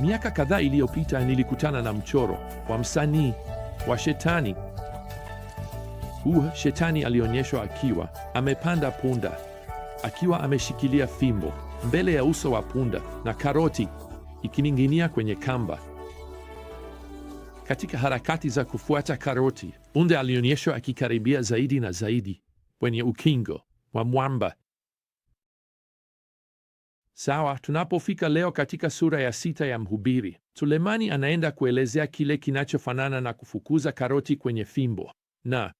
Miaka kadhaa iliyopita nilikutana na mchoro wa msanii wa shetani. Huu shetani alionyeshwa akiwa amepanda punda, akiwa ameshikilia fimbo mbele ya uso wa punda na karoti ikining'inia kwenye kamba. Katika harakati za kufuata karoti, punda alionyeshwa akikaribia zaidi na zaidi kwenye ukingo wa mwamba. Sawa, tunapofika leo katika sura ya sita ya Mhubiri, Sulemani anaenda kuelezea kile kinachofanana na kufukuza karoti kwenye fimbo na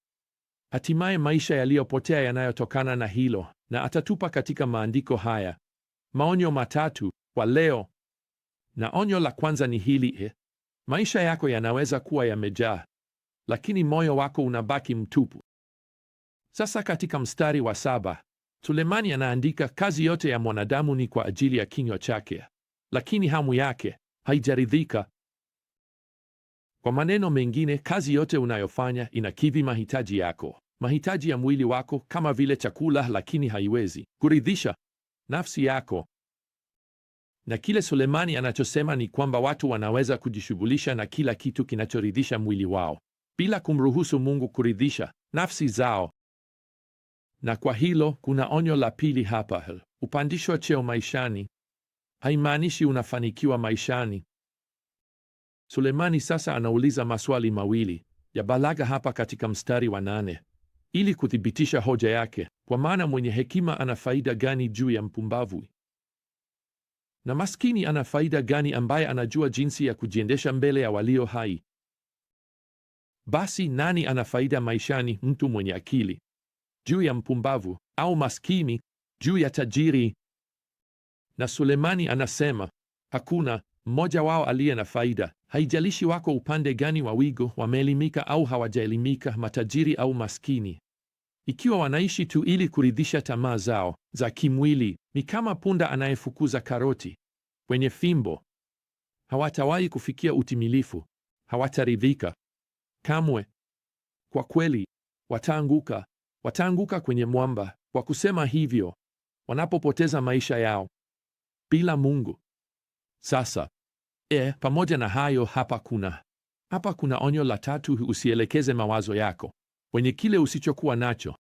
hatimaye maisha yaliyopotea yanayotokana na hilo, na atatupa katika maandiko haya maonyo matatu kwa leo. Na onyo la kwanza ni hili eh, maisha yako yanaweza kuwa yamejaa, lakini moyo wako unabaki mtupu. Sasa katika mstari wa saba Sulemani anaandika, kazi yote ya mwanadamu ni kwa ajili ya kinywa chake, lakini hamu yake haijaridhika. Kwa maneno mengine, kazi yote unayofanya inakidhi mahitaji yako, mahitaji ya mwili wako kama vile chakula, lakini haiwezi kuridhisha nafsi yako. Na kile Sulemani anachosema ni kwamba watu wanaweza kujishughulisha na kila kitu kinachoridhisha mwili wao bila kumruhusu Mungu kuridhisha nafsi zao. Na kwa hilo kuna onyo la pili hapa: upandishwa cheo maishani haimaanishi unafanikiwa maishani. Sulemani sasa anauliza maswali mawili ya balaga hapa katika mstari wa nane ili kuthibitisha hoja yake, kwa maana mwenye hekima ana faida gani juu ya mpumbavu, na maskini ana faida gani ambaye anajua jinsi ya kujiendesha mbele ya walio hai? Basi nani ana faida maishani? Mtu mwenye akili juu ya mpumbavu au maskini juu ya tajiri. Na Sulemani anasema hakuna mmoja wao aliye na faida, haijalishi wako upande gani wa wigo, wameelimika au hawajaelimika, matajiri au maskini, ikiwa wanaishi tu ili kuridhisha tamaa zao za kimwili, ni kama punda anayefukuza karoti kwenye fimbo. Hawatawahi kufikia utimilifu, hawataridhika kamwe. Kwa kweli wataanguka wataanguka kwenye mwamba kwa kusema hivyo wanapopoteza maisha yao bila Mungu. Sasa e, pamoja na hayo, hapa kuna hapa kuna onyo la tatu: usielekeze mawazo yako kwenye kile usichokuwa nacho.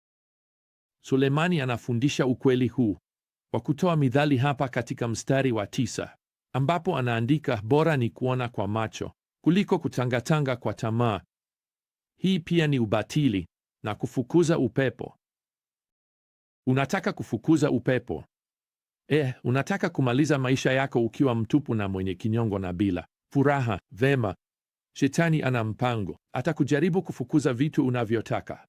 Sulemani anafundisha ukweli huu kwa kutoa midhali hapa katika mstari wa tisa ambapo anaandika, bora ni kuona kwa macho kuliko kutangatanga kwa tamaa. Hii pia ni ubatili na kufukuza upepo. Unataka kufukuza upepo? Eh, unataka kumaliza maisha yako ukiwa mtupu na mwenye kinyongo na bila furaha? Vema, shetani ana mpango, atakujaribu kufukuza vitu unavyotaka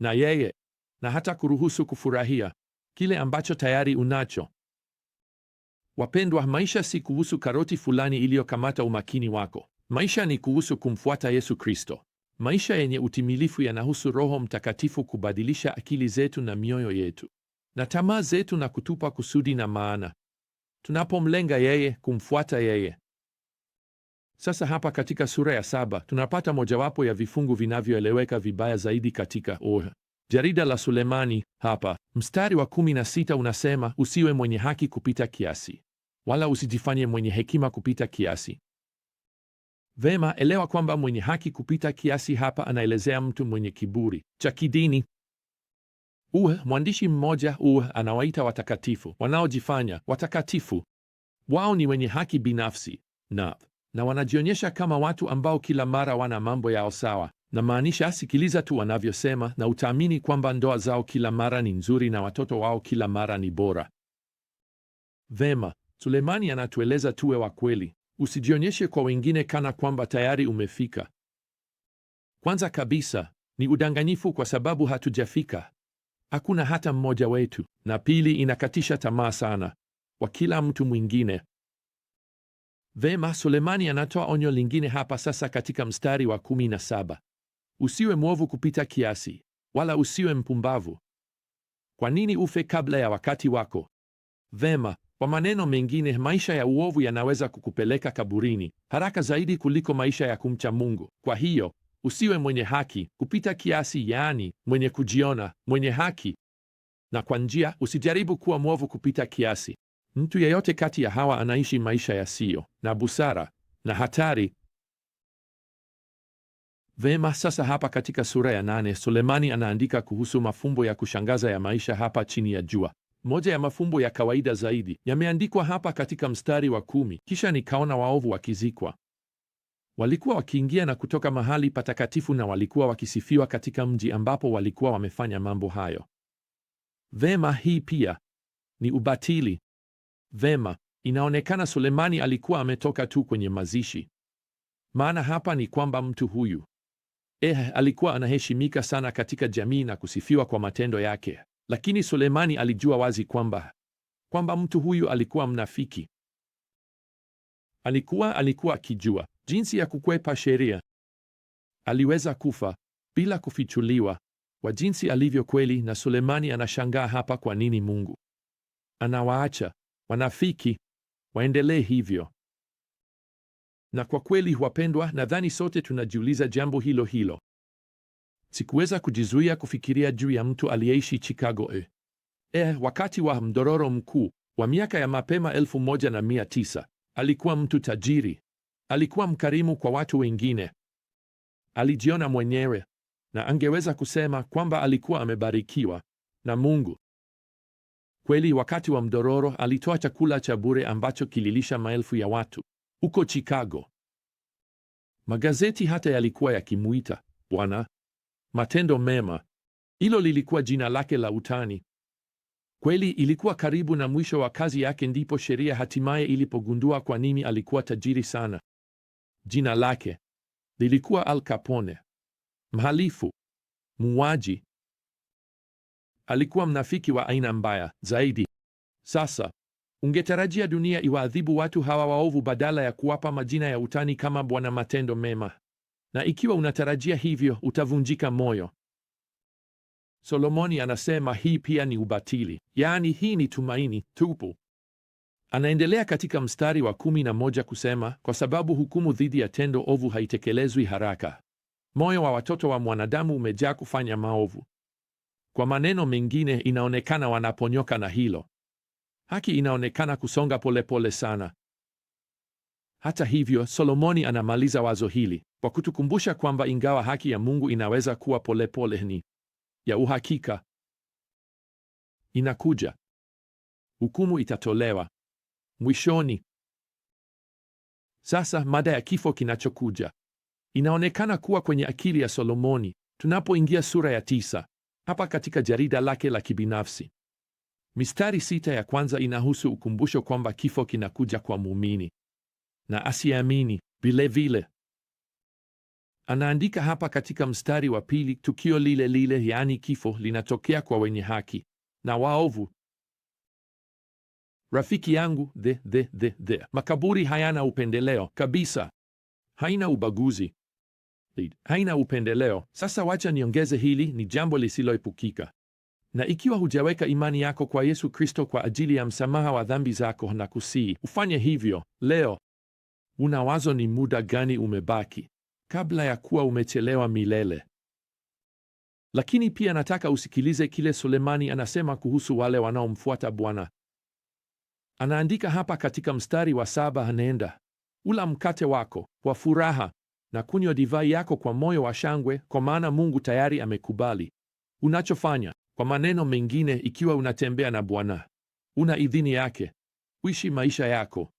na yeye, na hata kuruhusu kufurahia kile ambacho tayari unacho. Wapendwa, maisha si kuhusu karoti fulani iliyokamata umakini wako. Maisha ni kuhusu kumfuata Yesu Kristo. Maisha yenye utimilifu yanahusu Roho Mtakatifu kubadilisha akili zetu na mioyo yetu na tamaa zetu na kutupa kusudi na maana tunapomlenga yeye, kumfuata yeye. Sasa hapa katika sura ya saba tunapata mojawapo ya vifungu vinavyoeleweka vibaya zaidi katika oh, jarida la Sulemani. Hapa mstari wa kumi na sita unasema usiwe mwenye haki kupita kiasi, wala usijifanye mwenye hekima kupita kiasi. Vema, elewa kwamba mwenye haki kupita kiasi hapa anaelezea mtu mwenye kiburi cha kidini. Uwe mwandishi mmoja uwe anawaita watakatifu wanaojifanya watakatifu, wao ni wenye haki binafsi na na wanajionyesha kama watu ambao kila mara wana mambo yao sawa. Namaanisha, sikiliza tu wanavyosema na utaamini kwamba ndoa zao kila mara ni nzuri na watoto wao kila mara ni bora. Vema, Sulemani anatueleza tuwe wa kweli Usijionyeshe kwa wengine kana kwamba tayari umefika. Kwanza kabisa ni udanganyifu, kwa sababu hatujafika, hakuna hata mmoja wetu, na pili, inakatisha tamaa sana kwa kila mtu mwingine. Vema, Sulemani anatoa onyo lingine hapa sasa katika mstari wa kumi na saba: usiwe mwovu kupita kiasi, wala usiwe mpumbavu. Kwa nini ufe kabla ya wakati wako? Vema, kwa maneno mengine, maisha ya uovu yanaweza kukupeleka kaburini haraka zaidi kuliko maisha ya kumcha Mungu. Kwa hiyo usiwe mwenye haki kupita kiasi, yaani mwenye kujiona mwenye haki, na kwa njia, usijaribu kuwa mwovu kupita kiasi. Mtu yeyote kati ya hawa anaishi maisha yasiyo na busara na hatari. Vema, sasa hapa katika sura ya nane Sulemani anaandika kuhusu mafumbo ya kushangaza ya maisha hapa chini ya jua. Moja ya mafumbo ya kawaida zaidi yameandikwa hapa katika mstari wa kumi: kisha nikaona waovu wakizikwa. Walikuwa wakiingia na kutoka mahali patakatifu na walikuwa wakisifiwa katika mji ambapo walikuwa wamefanya mambo hayo. Vema, hii pia ni ubatili. Vema, inaonekana Sulemani alikuwa ametoka tu kwenye mazishi, maana hapa ni kwamba mtu huyu eh, alikuwa anaheshimika sana katika jamii na kusifiwa kwa matendo yake. Lakini Sulemani alijua wazi kwamba kwamba mtu huyu alikuwa mnafiki. Alikuwa alikuwa akijua jinsi ya kukwepa sheria. Aliweza kufa bila kufichuliwa kwa jinsi alivyo kweli, na Sulemani anashangaa hapa, kwa nini Mungu anawaacha wanafiki waendelee hivyo? Na kwa kweli, wapendwa, nadhani sote tunajiuliza jambo hilo hilo. Sikuweza kujizuia kufikiria juu ya mtu aliyeishi Chicago e. Eh, wakati wa mdororo mkuu wa miaka ya mapema elfu moja na mia tisa. Alikuwa mtu tajiri, alikuwa mkarimu kwa watu wengine, alijiona mwenyewe na angeweza kusema kwamba alikuwa amebarikiwa na Mungu. Kweli, wakati wa mdororo alitoa chakula cha bure ambacho kililisha maelfu ya watu huko Chicago. Magazeti hata yalikuwa yakimuita Bwana matendo mema. Hilo lilikuwa jina lake la utani. Kweli ilikuwa karibu na mwisho wa kazi yake, ndipo sheria hatimaye ilipogundua kwa nini alikuwa tajiri sana. Jina lake lilikuwa Al Capone, mhalifu, muuaji. Alikuwa mnafiki wa aina mbaya zaidi. Sasa ungetarajia dunia iwaadhibu watu hawa waovu badala ya kuwapa majina ya utani kama Bwana Matendo Mema na ikiwa unatarajia hivyo utavunjika moyo. Solomoni anasema hii pia ni ubatili, yaani hii ni tumaini tupu. Anaendelea katika mstari wa kumi na moja kusema, kwa sababu hukumu dhidi ya tendo ovu haitekelezwi haraka, moyo wa watoto wa mwanadamu umejaa kufanya maovu. Kwa maneno mengine, inaonekana wanaponyoka na hilo, haki inaonekana kusonga polepole pole sana. Hata hivyo, Solomoni anamaliza wazo hili kwa kutukumbusha kwamba ingawa haki ya Mungu inaweza kuwa polepole pole, ni ya uhakika. Inakuja, hukumu itatolewa mwishoni. Sasa mada ya kifo kinachokuja inaonekana kuwa kwenye akili ya Solomoni tunapoingia sura ya tisa hapa katika jarida lake la kibinafsi. Mistari sita ya kwanza inahusu ukumbusho kwamba kifo kinakuja kwa muumini na asiamini vilevile. Anaandika hapa katika mstari wa pili, tukio lile lile, yaani kifo, linatokea kwa wenye haki na waovu. Rafiki yangu, the the the the makaburi hayana upendeleo kabisa, haina ubaguzi, haina upendeleo. Sasa wacha niongeze hili, ni jambo lisiloepukika na ikiwa hujaweka imani yako kwa Yesu Kristo kwa ajili ya msamaha wa dhambi zako, na kusii ufanye hivyo leo. Unawazo ni muda gani umebaki? kabla ya kuwa umechelewa milele. Lakini pia nataka usikilize kile Sulemani anasema kuhusu wale wanaomfuata Bwana. Anaandika hapa katika mstari wa saba, anaenda ula mkate wako kwa furaha na kunywa divai yako kwa moyo wa shangwe, kwa maana Mungu tayari amekubali unachofanya. Kwa maneno mengine, ikiwa unatembea na Bwana, una idhini yake uishi maisha yako,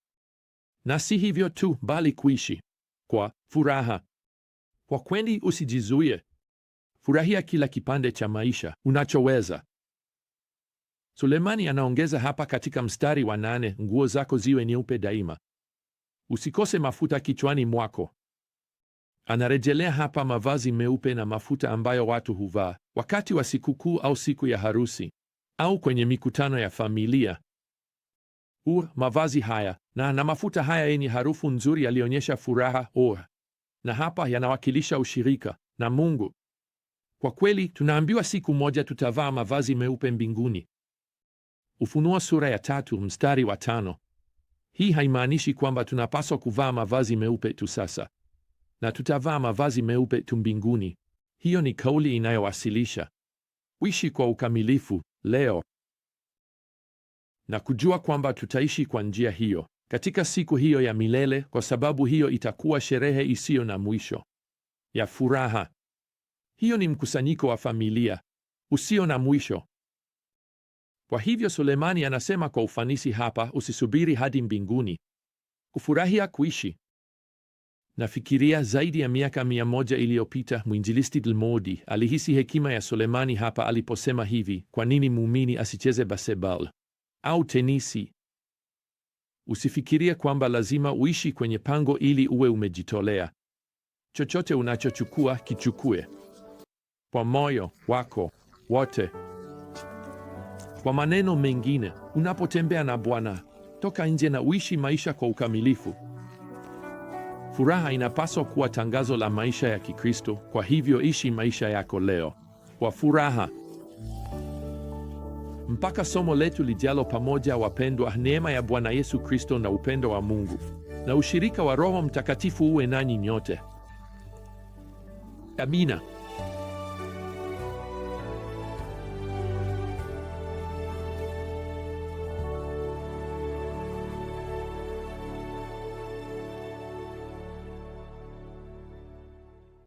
na si hivyo tu, bali kuishi kwa furaha kwa kweli, usijizuie. Furahia kila kipande cha maisha unachoweza. Sulemani anaongeza hapa katika mstari wa nane, nguo zako ziwe nyeupe daima, usikose mafuta kichwani mwako. Anarejelea hapa mavazi meupe na mafuta ambayo watu huvaa wakati wa sikukuu au siku ya harusi au kwenye mikutano ya familia. Ur, mavazi haya na na mafuta haya yenye harufu nzuri yalionyesha furaha, oa na hapa yanawakilisha ushirika na Mungu. Kwa kweli tunaambiwa siku moja tutavaa mavazi meupe mbinguni. Ufunuo sura ya tatu mstari wa tano. Hii haimaanishi kwamba tunapaswa kuvaa mavazi meupe tu sasa na tutavaa mavazi meupe tu mbinguni. Hiyo ni kauli inayowasilisha uishi kwa ukamilifu leo na kujua kwamba tutaishi kwa njia hiyo katika siku hiyo ya milele, kwa sababu hiyo itakuwa sherehe isiyo na mwisho ya furaha. Hiyo ni mkusanyiko wa familia usio na mwisho. Kwa hivyo Sulemani anasema kwa ufanisi hapa, usisubiri hadi mbinguni kufurahia kuishi. Nafikiria zaidi ya miaka mia moja iliyopita mwinjilisti Dilmodi alihisi hekima ya Sulemani hapa aliposema hivi: kwa nini muumini asicheze basebal au tenisi Usifikirie kwamba lazima uishi kwenye pango ili uwe umejitolea. Chochote unachochukua kichukue kwa moyo wako wote. Kwa maneno mengine, unapotembea na Bwana, toka nje na uishi maisha kwa ukamilifu. Furaha inapaswa kuwa tangazo la maisha ya Kikristo. Kwa hivyo, ishi maisha yako leo kwa furaha. Mpaka somo letu lijalo pamoja, wapendwa, neema ya Bwana Yesu Kristo na upendo wa Mungu na ushirika wa Roho Mtakatifu uwe nanyi nyote. Amina.